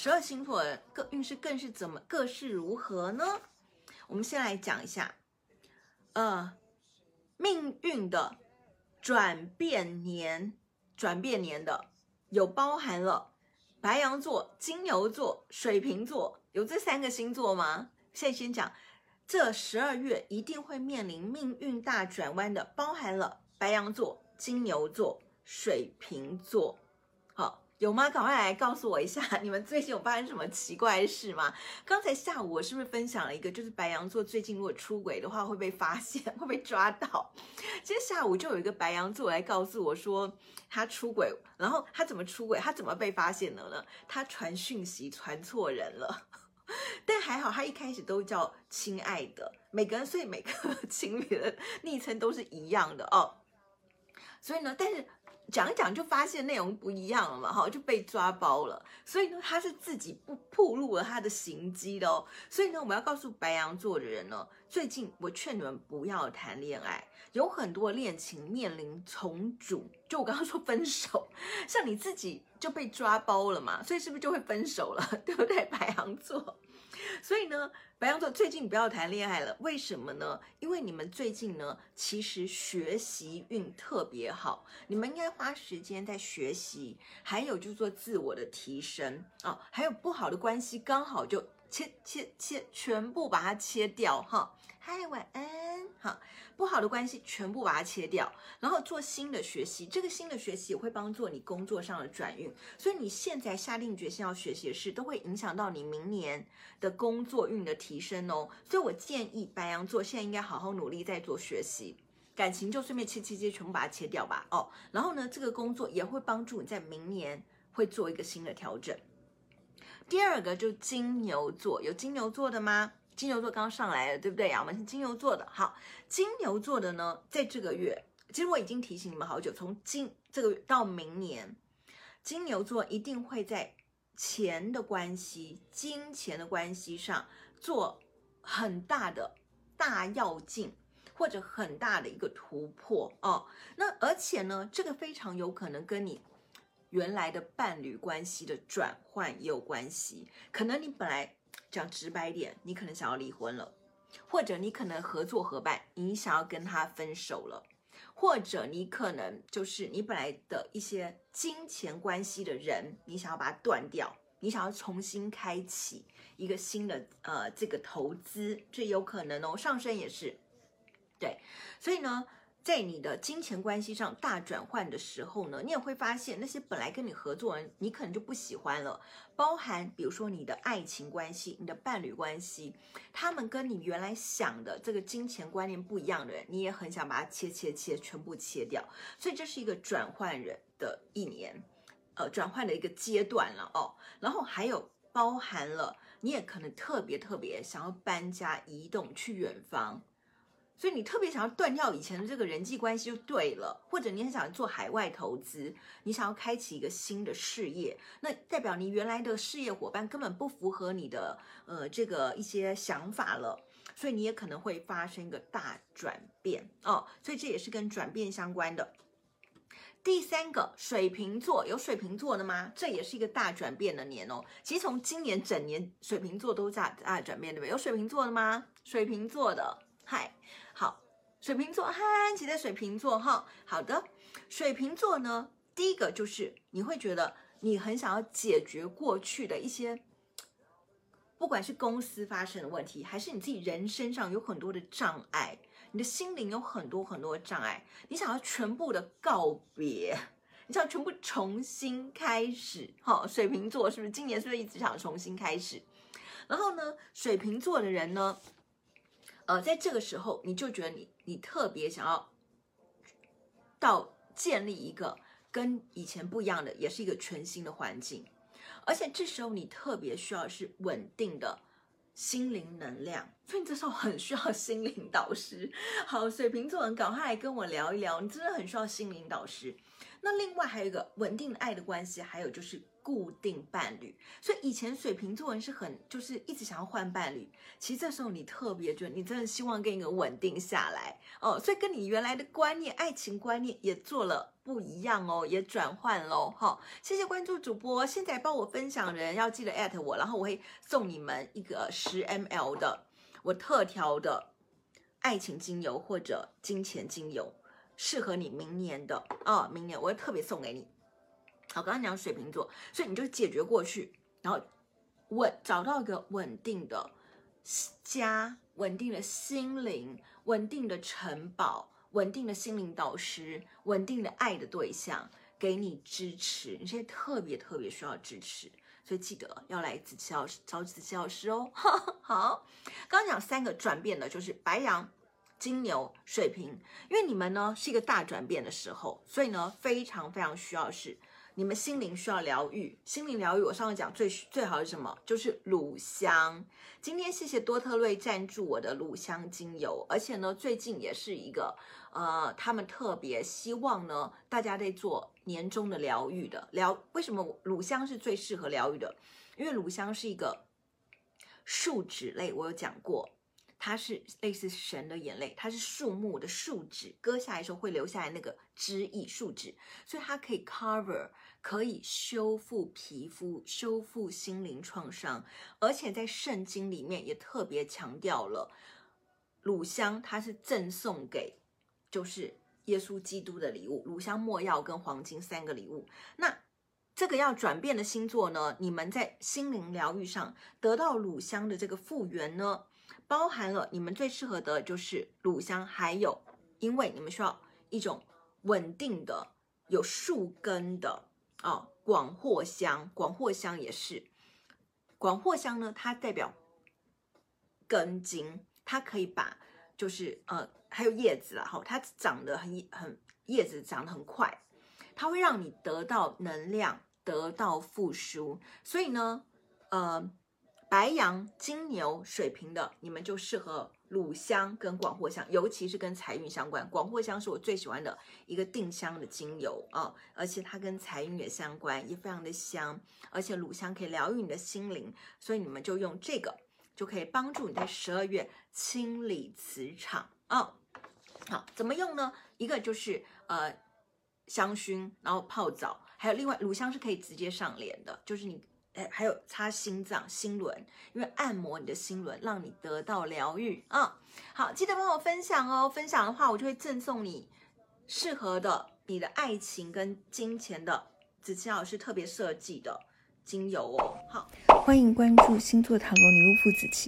十二星座各運勢更是怎麼，各是如何呢？我們先來講一下，呃，命運的轉變年，轉變年的，有包含了白羊座、金牛座、水瓶座，有這三個星座嗎？現在先講，這十二月一定會面臨命運大轉彎的，包含了白羊座、金牛座、水瓶座。有嗎？趕快來告訴我一下，你們最近有發生什麼奇怪的事嗎？剛才下午我是不是分享了一個，就是白羊座最近如果出軌的話會被發現，會被抓到。今天下午就有一個白羊座來告訴我說他出軌，然後他怎麼出軌？他怎麼被發現的呢？他傳訊息傳錯人了，但還好他一開始都叫親愛的，每個人所以每個情侶的昵稱都是一樣的哦。所以呢，但是講一講就發現內容不一樣了嘛，哈，就被抓包了。所以呢，他是自己不暴露了他的行跡的哦。所以呢，我們要告訴白羊座的人呢，最近我勸你們不要談戀愛，有很多戀情面臨重組，就我剛剛說分手，像你自己就被抓包了嘛，所以是不是就會分手了，對不對，白羊座？所以呢，白羊座最近不要談戀愛了，為什麼呢？因為你們最近呢，其實學習運特別好，你們應該花時間在學習，還有就是做自我的提升啊、哦，還有不好的關係剛好就。切切切，全部把它切掉哈！嗨，晚安。好，不好的關係全部把它切掉，然後做新的學習。這個新的學習會幫助你工作上的轉運，所以你現在下定決心要學習的事，都會影響到你明年的工作運的提升哦。所以我建議白羊座現在應該好好努力再做學習，感情就順便切切切，全部把它切掉吧。哦，然後呢，這個工作也會幫助你在明年會做一個新的調整。第二個就金牛座，有金牛座的嗎？金牛座剛上來了，對不對呀、啊？我們是金牛座的。好，金牛座的呢，在這個月，其實我已經提醒你們好久，從今這個月到明年，金牛座一定會在錢的關係、金錢的關係上做很大的大躍進，或者很大的一個突破哦。那而且呢，這個非常有可能跟你原來的伴侶關係的轉換也有關係，可能你本來講直白一點，你可能想要離婚了，或者你可能合作夥伴，你想要跟他分手了，或者你可能就是你本來的一些金錢關係的人，你想要把它斷掉，你想要重新開啟一個新的呃這個投資，這有可能哦，上升也是對，所以呢。在你的金錢關係上大轉換的時候呢，你也會發現那些本來跟你合作人，你可能就不喜歡了，包含比如說你的愛情關係、你的伴侶關係，他們跟你原來想的這個金錢觀念不一樣的人，你也很想把它切切切，全部切掉。所以這是一個轉換人的一年，呃，轉換的一個階段了哦。然後還有包含了你也可能特別特別想要搬家、移動去遠方。所以你特別想要斷掉以前的這個人際關係就對了，或者你很想要做海外投資，你想要開啟一個新的事業，那代表你原來的事業夥伴根本不符合你的呃這個一些想法了，所以你也可能會發生一個大轉變哦。所以這也是跟轉變相關的。第三個，水瓶座，有水瓶座的嗎？這也是一個大轉變的年哦。其實從今年整年水瓶座都在啊轉變，對不對？有水瓶座的嗎？水瓶座的，嗨。水瓶座，嗨，急的水瓶座哈、哦，好的，水瓶座呢，第一個就是你會覺得你很想要解決過去的一些，不管是公司發生的問題，還是你自己人身上有很多的障礙，你的心靈有很多很多的障礙，你想要全部的告別，你想要全部重新開始，哈、哦，水瓶座是不是今年是不是一直想重新開始？然後呢，水瓶座的人呢？呃，在這個時候，你就覺得你你特別想要到建立一個跟以前不一樣的，也是一個全新的環境，而且這時候你特別需要是穩定的心靈能量，所以你這時候很需要心靈導師。好，水瓶座，搞，趕快來跟我聊一聊，你真的很需要心靈導師。那另外還有一個穩定的愛的關係，還有就是。固定伴侶，所以以前水瓶座人是很就是一直想要換伴侶，其實這時候你特別就你真的希望跟一個穩定下來哦，所以跟你原來的觀念、愛情觀念也做了不一樣哦，也轉換嘍。好、哦，謝謝關注主播，現在幫我分享人要記得艾特我，然後我會送你們一個十 ml 的我特調的愛情精油或者金錢精油，適合你明年的啊、哦，明年我會特別送給你。好，剛剛講水瓶座，所以你就解決過去，然後穩找到一個穩定的家、穩定的心靈、穩定的城堡、穩定的心靈導師、穩定的愛的對象，給你支持。你現在特別特別需要支持，所以記得要來找子綺老師、找子綺老師哦。 好，剛剛講三個轉變的就是白羊、金牛、水瓶，因為你們呢是一個大轉變的時候，所以呢非常非常需要是。你們心靈需要療癒，心靈療癒，我上次講最最好是什麼？就是乳香。今天謝謝多特瑞贊助我的乳香精油，而且呢，最近也是一個，呃，他們特別希望呢，大家在做年終的療癒的療。為什麼乳香是最適合療癒的？因為乳香是一個樹脂類，我有講過。它是類似神的眼淚，它是樹木的樹脂，割下來的時候會流下來那個汁液樹脂，所以它可以 cover，可以修復皮膚，修復心靈創傷，而且在聖經裡面也特別強調了，乳香它是贈送給就是耶穌基督的禮物，乳香、沒藥跟黃金三個禮物。那這個要轉變的星座呢？你們在心靈療癒上得到乳香的這個復原呢？包含了你們最適合的就是乳香，還有，因為你們需要一種穩定的、有樹根的啊、哦，廣藿香。廣藿香也是，廣藿香呢，它代表根莖，它可以把就是呃，還有葉子啦，哈，它長得很很，葉子長得很快，它會讓你得到能量，得到復甦。所以呢，呃。白羊、金牛水平、水瓶的你們就適合乳香跟廣藿香，尤其是跟財運相關。廣藿香是我最喜歡的一個定香的精油啊、哦，而且它跟財運也相關，也非常的香。而且乳香可以療癒你的心靈，所以你們就用這個就可以幫助你在十二月清理磁場啊、哦。好，怎麼用呢？一個就是呃香薰，然後泡澡，還有另外乳香是可以直接上臉的，就是你。哎、還有擦心臟、心輪，因為按摩你的心輪，讓你得到療癒。啊、嗯。好，記得幫我分享哦。分享的話，我就會贈送你適合的你的愛情跟金錢的子綺老師特別設計的精油哦。好，歡迎關注星座塔羅、哦、女巫傅子綺。